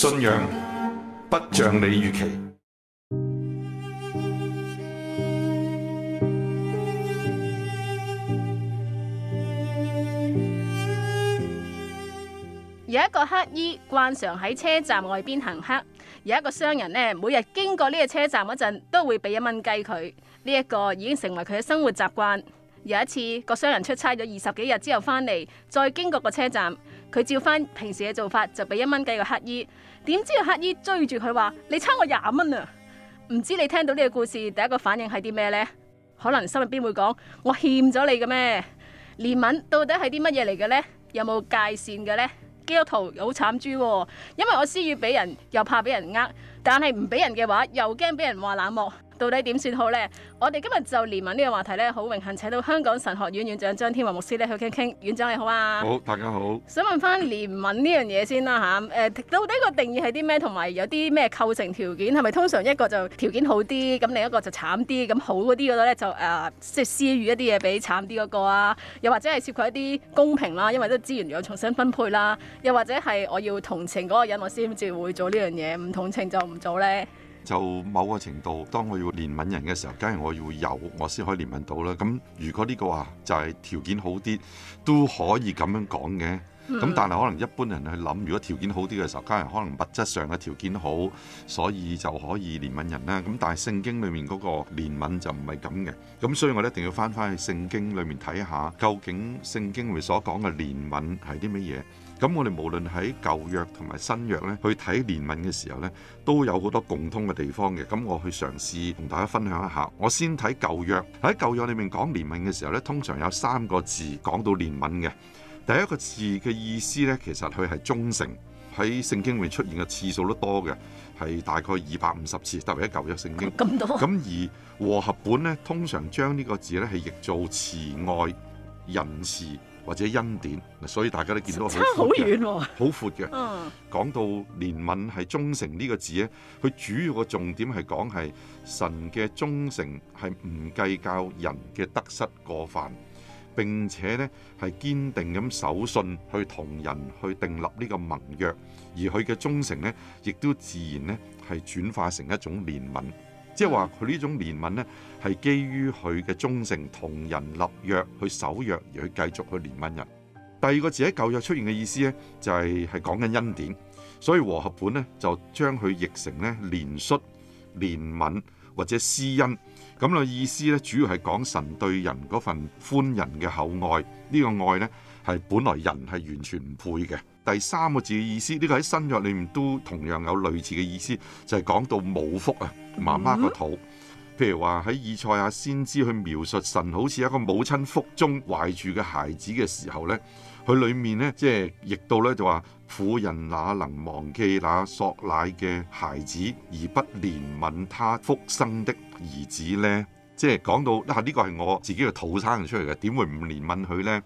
信仰不像你預期。有一個乞兒慣常喺車站外邊行乞，有一個商人呢，每日經過呢個車站嗰陣，都會俾一蚊雞佢。呢、這、一個已經成為佢嘅生活習慣。有一次，個商人出差咗二十幾日之後返嚟，再經過個車站，佢照翻平時嘅做法，就俾一蚊雞個乞兒。點知個乞衣追住佢話，你差我廿蚊啊！唔知你聽到呢個故事，第一個反應係啲咩呢？可能心入邊會講，我欠咗你嘅咩？憐憫到底係啲乜嘢嚟嘅呢？有冇界線嘅呢？基督徒好慘豬、哦，因為我施予俾人又怕俾人呃，但係唔俾人嘅話，又驚俾人話冷漠。到底點算好呢？我哋今日就憐憫呢個話題呢，好榮幸請到香港神學院院長張天和牧師呢，去傾傾。院長你好啊，好，大家好。想問翻憐憫呢樣嘢先啦，啊、吓，誒、呃，到底個定義係啲咩？同埋有啲咩構成條件？係咪通常一個就條件好啲，咁另一個就慘啲？咁好嗰啲嗰度呢，就、呃、誒，即係施予一啲嘢俾慘啲嗰個啊？又或者係涉及一啲公平啦，因為都資源要重新分配啦？又或者係我要同情嗰個人，我先至會做呢樣嘢，唔同情就唔做呢。就某個程度，當我要憐憫人嘅時候，梗係我要有，我先可以憐憫到啦。咁如果呢個話就係條件好啲，都可以咁樣講嘅。咁、嗯、但係可能一般人去諗，如果條件好啲嘅時候，家人可能物質上嘅條件好，所以就可以憐憫人啦。咁但係聖經裏面嗰個憐憫就唔係咁嘅。咁所以我一定要翻翻去聖經裏面睇下，究竟聖經裏所講嘅憐憫係啲乜嘢？咁我哋無論喺舊約同埋新約咧，去睇憐憫嘅時候呢，都有好多共通嘅地方嘅。咁我去嘗試同大家分享一下。我先睇舊約。喺舊約裏面講憐憫嘅時候呢，通常有三個字講到憐憫嘅。第一個字嘅意思呢，其實佢係忠誠，喺聖經裏面出現嘅次數都多嘅，係大概二百五十次，特別喺舊約聖經。咁多。咁而和合本呢，通常將呢個字呢係譯做慈愛、仁慈、或者恩典，所以大家都見到好闊嘅。差好遠、啊，好闊嘅。嗯。講到憐憫係忠誠呢個字呢，佢主要嘅重點係講係神嘅忠誠係唔計較人嘅得失過犯。並且咧係堅定咁守信去同人去訂立呢個盟約，而佢嘅忠誠咧，亦都自然咧係轉化成一種憐憫，即係話佢呢種憐憫咧係基於佢嘅忠誠，同人立約去守約，而去繼續去憐憫人。第二個字喺舊約出現嘅意思咧，就係係講緊恩典，所以和合本咧就將佢譯成咧憐恤、憐憫或者施恩。咁嘅意思咧，主要係講神對人嗰份寬仁嘅厚愛，呢個愛呢，係本來人係完全唔配嘅。第三個字嘅意思，呢個喺新約裏面都同樣有類似嘅意思，就係講到母腹啊，媽媽個肚。譬如話喺以賽亞先知去描述神好似一個母親腹中懷住嘅孩子嘅時候呢。佢裏面咧，即係譯到咧就話：婦人哪能忘記那索奶嘅孩子，而不憐憫他復生的兒子呢。即係講到啊，呢個係我自己嘅肚生出嚟嘅，點會唔憐憫佢呢？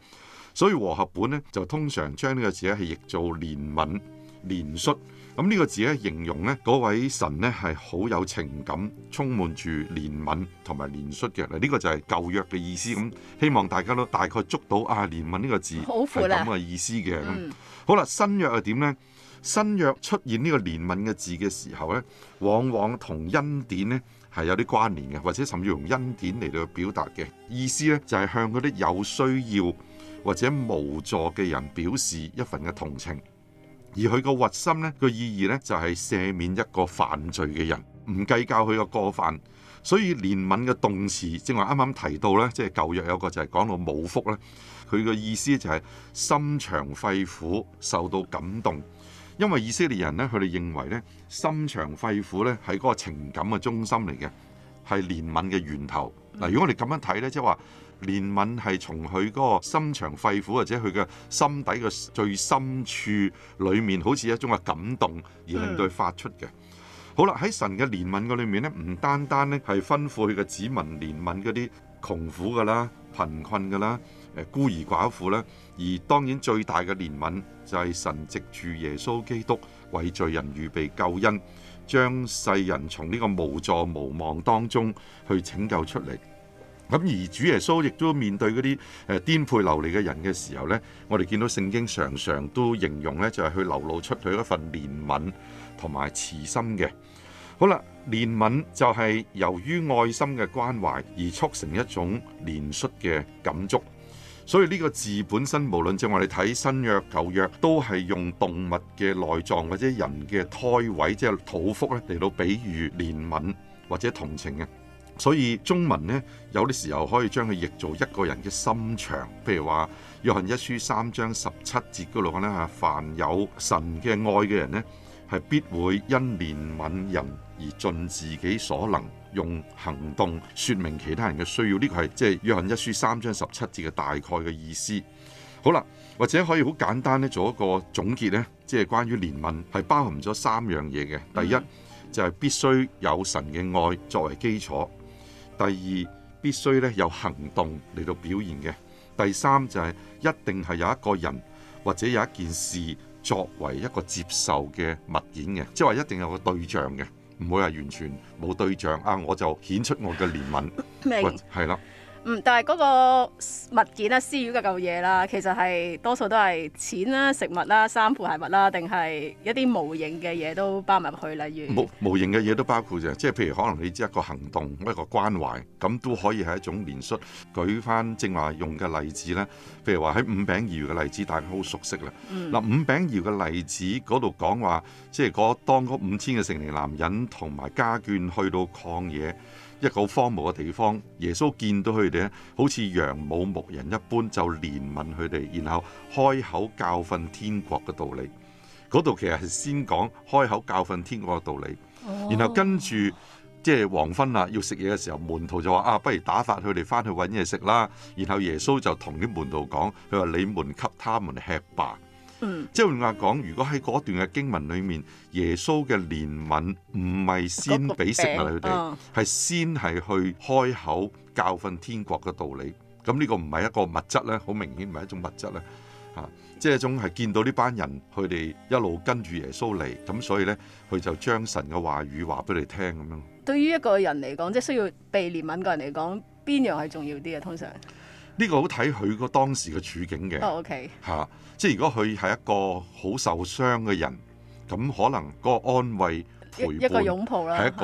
所以和合本咧就通常將呢個字咧係譯做憐憫、憐恤。咁呢個字咧，形容咧嗰位神咧係好有情感，充滿住憐憫同埋憐恤嘅。嗱，呢個就係舊約嘅意思。咁，希望大家都大概捉到啊，憐憫呢個字係咁嘅意思嘅。嗯、好啦，新約係點呢？新約出現呢個憐憫嘅字嘅時候咧，往往同恩典咧係有啲關聯嘅，或者甚至用恩典嚟到表達嘅意思咧，就係、是、向嗰啲有需要或者無助嘅人表示一份嘅同情。而佢個核心呢個意義呢，就係赦免一個犯罪嘅人，唔計較佢個過犯。所以憐憫嘅動詞，正話啱啱提到呢，即係舊約有個就係講到冇福呢，佢嘅意思就係心腸肺腑受到感動，因為以色列人呢，佢哋認為呢，心腸肺腑呢係嗰個情感嘅中心嚟嘅，係憐憫嘅源頭。嗱，如果我哋咁樣睇咧，即係話憐憫係從佢嗰個心腸肺腑，或者佢嘅心底嘅最深處裏面，好似一種嘅感動而令到佢發出嘅。的好啦，喺神嘅憐憫嗰裏面咧，唔單單咧係吩咐佢嘅子民憐憫嗰啲窮苦㗎啦、貧困㗎啦、誒孤兒寡婦啦，而當然最大嘅憐憫就係神藉住耶穌基督為罪人預備救恩。將世人從呢個無助無望當中去拯救出嚟。咁而主耶穌亦都面對嗰啲誒顛沛流離嘅人嘅時候呢，我哋見到聖經常常都形容呢，就係去流露出佢一份憐憫同埋慈心嘅。好啦，憐憫就係由於愛心嘅關懷而促成一種憐恤嘅感觸。所以呢個字本身，無論正話你睇新約舊約，都係用動物嘅內臟或者人嘅胎位，即係肚腹咧嚟到比喻憐憫或者同情嘅。所以中文呢，有啲時候可以將佢譯做一個人嘅心腸。譬如話《約翰一書》三章十七節嗰度講咧，係凡有神嘅愛嘅人呢，係必會因憐憫人而盡自己所能，用行動說明其他人嘅需要，呢個係即係約翰一書三章十七節嘅大概嘅意思。好啦，或者可以好簡單咧，做一個總結呢，即係關於憐憫係包含咗三樣嘢嘅。第一就係必須有神嘅愛作為基礎；第二必須咧有行動嚟到表現嘅；第三就係一定係有一個人或者有一件事作為一個接受嘅物件嘅，即係話一定有個對象嘅。唔會係完全冇對象啊！我就顯出我嘅憐憫，係啦，明白。嗯，但係嗰個物件啦、施予嘅舊嘢啦，其實係多數都係錢啦、食物啦、衫褲鞋襪啦，定係一啲無形嘅嘢都包埋入去？例如無無形嘅嘢都包括嘅，即係譬如可能你知一個行動一者個關懷，咁都可以係一種憐恤。舉翻正話用嘅例子咧，譬如話喺五餅二魚嘅例子，大家好熟悉啦。嗱、嗯啊，五餅二魚嘅例子嗰度講話，即係嗰當嗰五千嘅成年男人同埋家眷去到曠野。一個荒蕪嘅地方，耶穌見到佢哋好似羊冇牧人一般，就憐憫佢哋，然後開口教訓天國嘅道理。嗰度其實係先講開口教訓天國嘅道理，然後跟住即係黃昏啦，要食嘢嘅時候，門徒就話，啊，不如打發佢哋翻去搵嘢食啦。然後耶穌就同啲門徒講，佢話你們給他們吃吧。即係換句話講，如果喺嗰段嘅經文裏面，耶穌嘅憐憫唔係先俾食物佢哋，係先係去開口教訓天國嘅道理。咁呢個唔係一個物質咧，好明顯唔係一種物質咧，吓、啊，即係一種係見到呢班人，佢哋一路跟住耶穌嚟，咁所以咧，佢就將神嘅話語話俾你聽咁樣。對於一個人嚟講，即係需要被憐憫嘅人嚟講，邊樣係重要啲啊？通常？呢個好睇佢個當時嘅處境嘅，嚇、oh, okay，即係如果佢係一個好受傷嘅人，咁可能個安慰、陪伴係一個擁抱，可能係一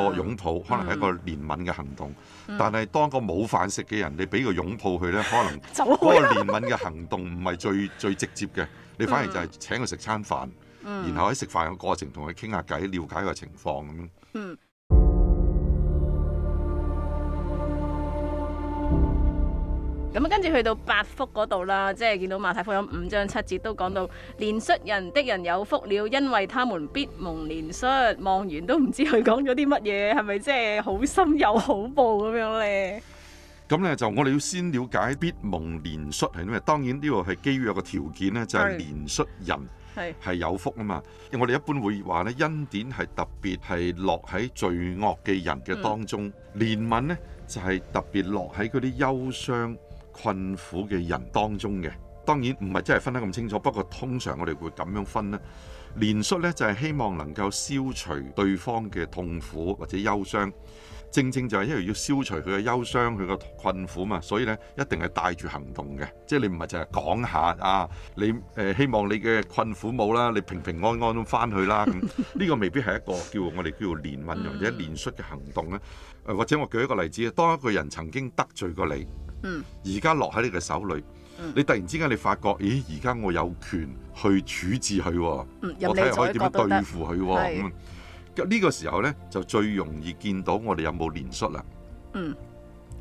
個憐憫嘅行動是。但係當個冇飯食嘅人，你俾個擁抱佢咧，可能嗰個憐憫嘅行動唔係最最直接嘅，你反而就係請佢食餐飯，嗯、然後喺食飯嘅過程同佢傾下偈，了解個情況咁樣。嗯咁啊，跟住去到八福嗰度啦，即係見到馬太福音五章七節都講到，憐恤人的人有福了，因為他們必蒙憐恤。望完都唔知佢講咗啲乜嘢，係咪即係好心有好報咁樣咧？咁咧就我哋要先了解必蒙憐恤係咩？當然呢個係基於有個條件咧，就係憐恤人係係有福啊嘛。我哋一般會話咧，恩典係特別係落喺罪惡嘅人嘅當中，憐憫咧就係特別落喺嗰啲憂傷。困苦嘅人當中嘅，當然唔係真係分得咁清楚。不過通常我哋會咁樣分咧，憐恤咧就係希望能夠消除對方嘅痛苦或者憂傷。正正就係因為要消除佢嘅憂傷，佢嘅困苦嘛，所以咧一定係帶住行動嘅，即係你唔係淨係講下啊，你誒希望你嘅困苦冇啦，你平平安安咁翻去啦。呢個未必係一個叫我哋叫做憐憫或者憐恤嘅行動咧。或者我舉一個例子，當一個人曾經得罪過你。而家、嗯、落喺你嘅手裏，嗯、你突然之間你發覺，咦？而家我有權去處置佢，嗯、做我睇下可以點樣對付佢。咁呢個、嗯這個時候呢，就最容易見到我哋有冇連率憐恤啦。嗯，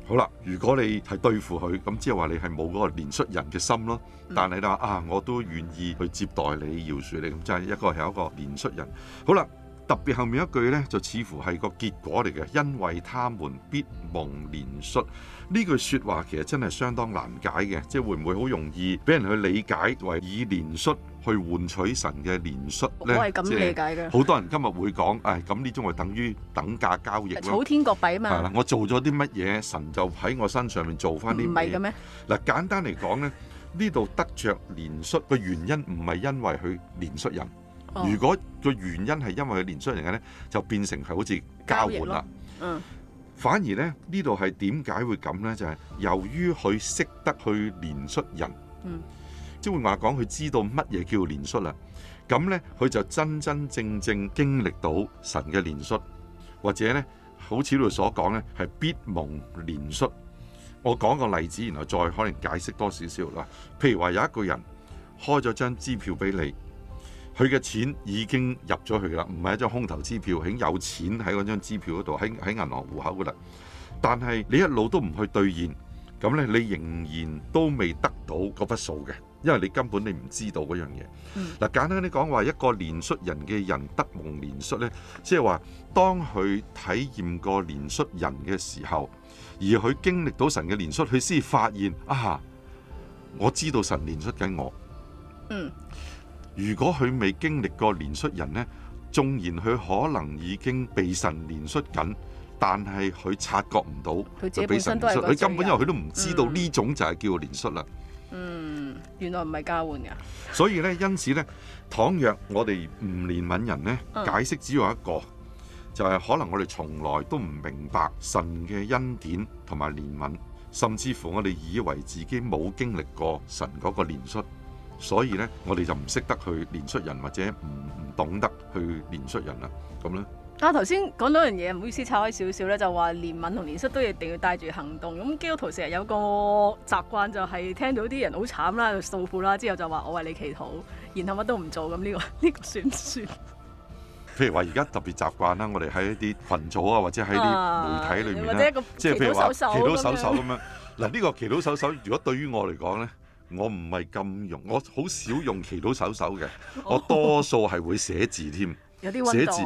好啦，如果你係對付佢，咁即係話你係冇嗰個憐恤人嘅心咯。但係咧啊，我都願意去接待你，饒恕你，咁即係一個係一個憐恤人。好啦。特別後面一句咧，就似乎係個結果嚟嘅，因為他們必蒙憐恤。呢句説話其實真係相當難解嘅，即係會唔會好容易俾人去理解為以憐恤去換取神嘅憐恤咧？我係咁理解嘅。好多人今日會講，唉，咁呢種咪等於等價交易咯？儲天國幣啊嘛。係啦，我做咗啲乜嘢，神就喺我身上面做翻啲乜嘢。唔係嘅咩？嗱，簡單嚟講咧，呢度得著憐恤嘅原因唔係因為佢憐恤人。如果個原因係因為佢憐恤人嘅咧，就變成係好似交換啦。嗯，反而咧呢度係點解會咁咧？就係由於佢識得去憐恤人，嗯，即係話講佢知道乜嘢叫憐恤啦。咁咧佢就真真正正經歷到神嘅憐恤，或者咧好似呢度所講咧係必蒙憐恤。我講個例子，然後再可能再解釋多少少啦。譬如話有一個人開咗張支票俾你。佢嘅錢已經入咗去啦，唔係一張空頭支票，喺有錢喺嗰張支票嗰度，喺喺銀行戶口嗰度。但係你一路都唔去兌現，咁咧你仍然都未得到嗰筆數嘅，因為你根本你唔知道嗰樣嘢。嗱、嗯，簡單啲講話，一個憐恤人嘅人得蒙憐恤呢，即係話當佢體驗過憐恤人嘅時候，而佢經歷到神嘅憐恤，佢先發現啊，我知道神憐恤緊我。嗯。如果佢未經歷過憐恤人呢，縱然佢可能已經被神憐恤緊，但係佢察覺唔到，就俾神憐恤。佢根本因為佢都唔知道呢種就係叫做憐恤啦。嗯，原來唔係交換㗎。所以呢，因此呢，倘若我哋唔憐憫人呢，解釋只有一個，嗯、就係可能我哋從來都唔明白神嘅恩典同埋憐憫，甚至乎我哋以為自己冇經歷過神嗰個憐恤。所以咧，我哋就唔識得去憐恤人，或者唔唔懂得去憐恤人啦，咁咧。啊，頭先講到樣嘢，唔好意思，岔開少少咧，就話憐憫同憐恤都一定要帶住行動。咁基督徒成日有個習慣就係聽到啲人好慘啦，就訴苦啦，之後就話我為你祈禱，然後乜都唔做咁呢、呢個呢、呢個算唔算？譬如話，而家特別習慣啦，我哋喺一啲群組啊，或者喺啲媒體裏面，即係譬如話祈禱手手咁樣。嗱，呢個祈禱手手、呢個，如果對於我嚟講咧？我唔係咁用，我好少用祈禱手手嘅，我多數係會寫字添。Oh, 寫字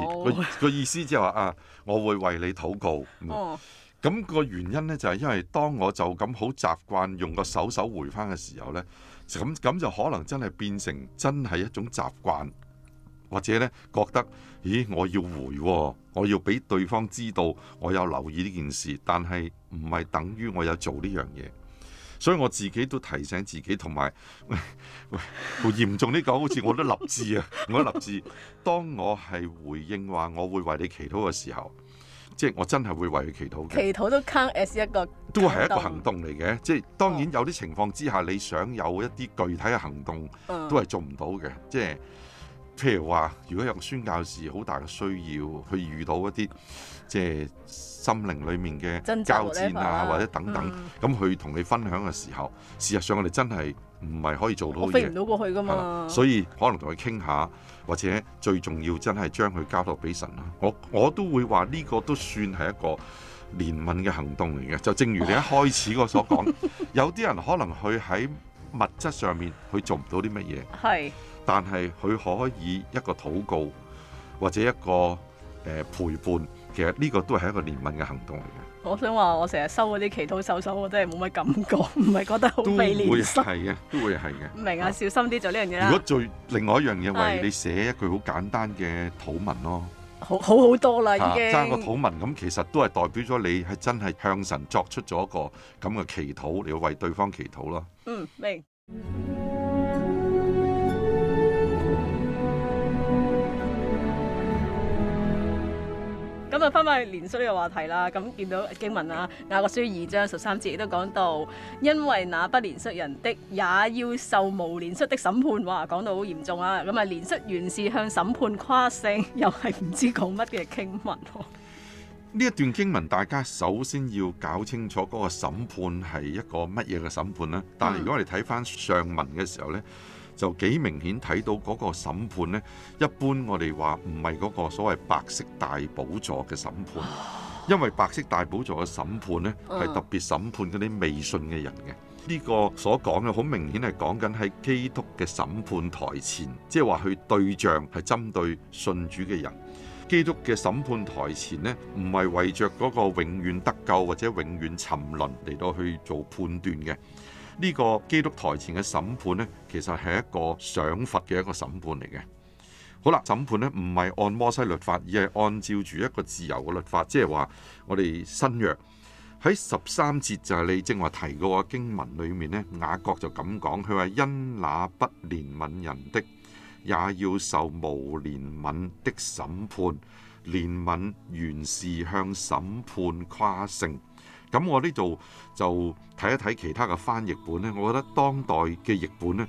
個意思即係話啊，我會為你禱告。哦、oh. 嗯，咁、個原因呢，就係、是、因為當我就咁好習慣用個手手回翻嘅時候呢，咁咁就可能真係變成真係一種習慣，或者呢覺得咦我要回、喎，我要俾對方知道我有留意呢件事，但係唔係等於我有做呢樣嘢。所以我自己都提醒自己，同埋，喂、哎哎呢個，好嚴重啲講，好似我都立志啊， 我立志，當我係回應話，我會為你祈禱嘅時候，即、就、係、是、我真係會為你祈禱嘅。祈禱都 count as 一個，都係一個行動嚟嘅。即係、就是、當然有啲情況之下，哦、你想有一啲具體嘅行動，都係做唔到嘅。即、就、係、是、譬如話，如果有個宣教士好大嘅需要，去遇到一啲。即係心靈裏面嘅交戰啊，或者等等，咁去同你分享嘅時候，嗯、事實上我哋真係唔係可以做到嘅。飛唔到過去噶嘛，所以可能同佢傾下，或者最重要真係將佢交託俾神啦。我我都會話呢個都算係一個憐憫嘅行動嚟嘅。就正如你一開始我所講，哎、 有啲人可能佢喺物質上面佢做唔到啲乜嘢，係是，但係佢可以一個禱告或者一個誒、呃、陪伴。其實呢個都係一個憐憫嘅行動嚟嘅。我想話，我成日收嗰啲祈禱手手，我都係冇乜感覺，唔係覺得好被連失。都會係嘅，都會係嘅。唔明啊，小心啲做呢樣嘢啦。如果做另外一樣嘢為你寫一句好簡單嘅禱文咯，好好好多啦，已經、啊。爭個禱文咁，其實都係代表咗你係真係向神作出咗一個咁嘅祈禱，你要為對方祈禱咯。嗯，明。咁啊，翻翻憐憫呢個話題啦。咁見到經文啊，雅各書二章十三節亦都講到，因為那不憐憫人的也要受無憐憫的審判話。話講到好嚴重啊。咁啊，憐憫原是向審判誇勝，又係唔知講乜嘅經文。呢一段經文，大家首先要搞清楚嗰個審判係一個乜嘢嘅審判咧。但係如果我哋睇翻上文嘅時候呢。就幾明顯睇到嗰個審判呢。一般我哋話唔係嗰個所謂白色大寶座嘅審判，因為白色大寶座嘅審判呢，係特別審判嗰啲未信嘅人嘅。呢個所講嘅好明顯係講緊喺基督嘅審判台前，即係話佢對象係針對信主嘅人。基督嘅審判台前呢，唔係為着嗰個永遠得救或者永遠沉淪嚟到去做判斷嘅。呢個基督台前嘅審判呢，其實係一個賞罰嘅一個審判嚟嘅。好啦，審判呢唔係按摩西律法，而係按照住一個自由嘅律法，即係話我哋新約喺十三節就係你正話提過嘅經文裏面呢，雅各就咁講，佢話因那不憐憫人的，也要受無憐憫的審判。憐憫原是向審判誇勝。咁我呢度就睇一睇其他嘅翻譯本呢。我覺得當代嘅譯本呢，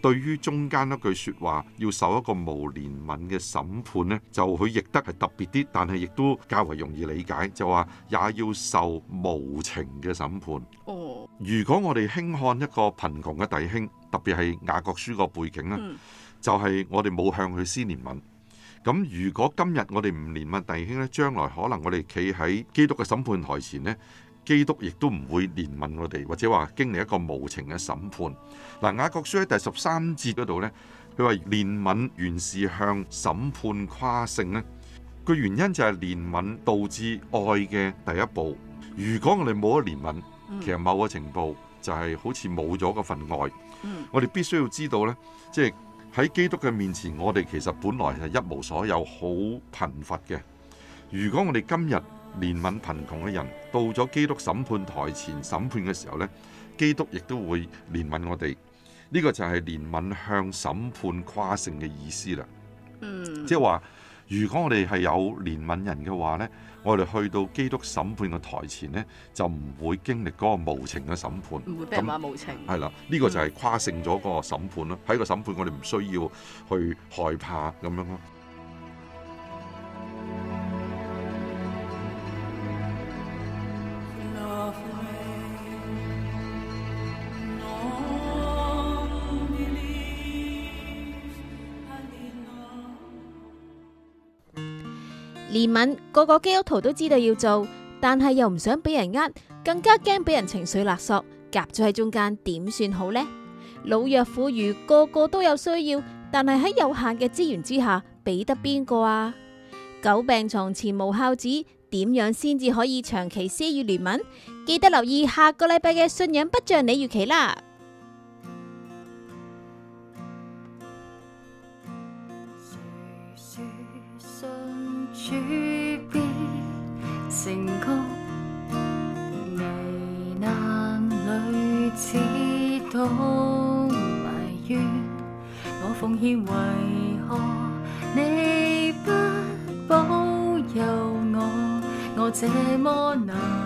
對於中間一句說話，要受一個無憐憫嘅審判呢，就佢譯得係特別啲，但係亦都較為容易理解，就話也要受無情嘅審判。哦。如果我哋輕看一個貧窮嘅弟兄，特別係雅各書個背景呢，就係我哋冇向佢施憐憫。咁如果今日我哋唔憐憫弟兄呢，將來可能我哋企喺基督嘅審判台前呢。基督亦都唔會憐憫我哋，或者話經歷一個無情嘅審判。嗱、啊，雅各書喺第十三節嗰度呢，佢話憐憫原是向審判誇勝。呢個原因就係憐憫導致愛嘅第一步。如果我哋冇咗憐憫，嗯、其實某個程度就係好似冇咗嗰份愛。我哋必須要知道呢，即係喺基督嘅面前，我哋其實本來係一無所有，好貧乏嘅。如果我哋今日，憐憫貧窮嘅人，到咗基督審判台前審判嘅時候呢，基督亦都會憐憫我哋。呢個就係憐憫向審判誇勝嘅意思啦。嗯，即係話，如果我哋係有憐憫人嘅話呢，我哋去到基督審判嘅台前呢，就唔會經歷嗰個無情嘅審判。唔會冰冷無情。係啦，呢個就係誇勝咗個審判啦。喺個審判我哋唔需要去害怕咁樣咯。憐憫個個基督徒都知道要做，但係又唔想俾人呃，更加驚俾人情緒勒索，夾咗喺中間點算好呢？老弱婦孺個個都有需要，但係喺有限嘅資源之下，俾得邊個啊？久病床前無孝子，點樣先至可以長期施予憐憫？記得留意下個禮拜嘅信仰不像你預期啦。水水主必成功，危難裏只懂埋怨。我奉獻為何你不保佑我？我這麼難？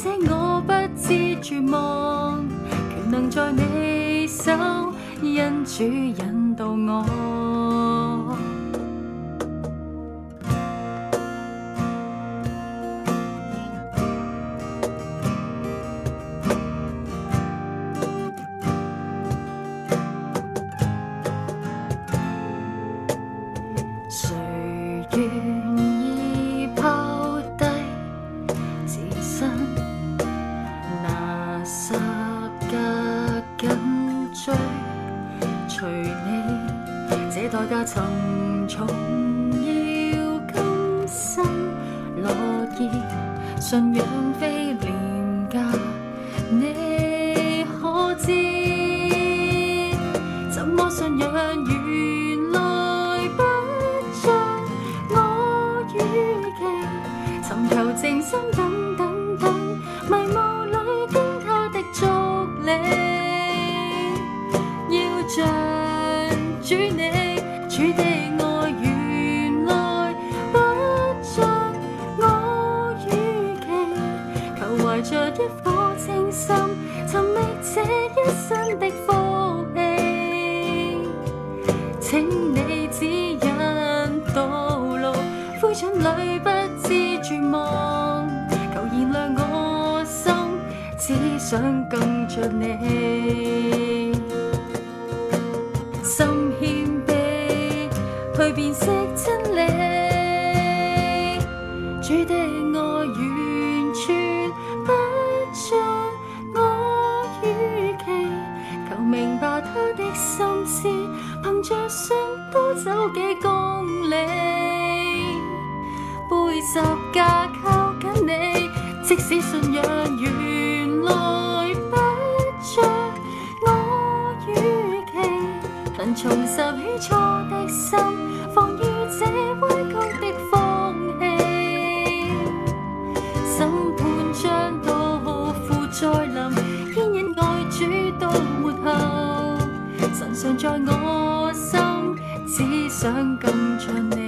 且我不知絕望，權能在你手，因主引導我。再臨牽引愛主到末後，神常在我心，只想更像你。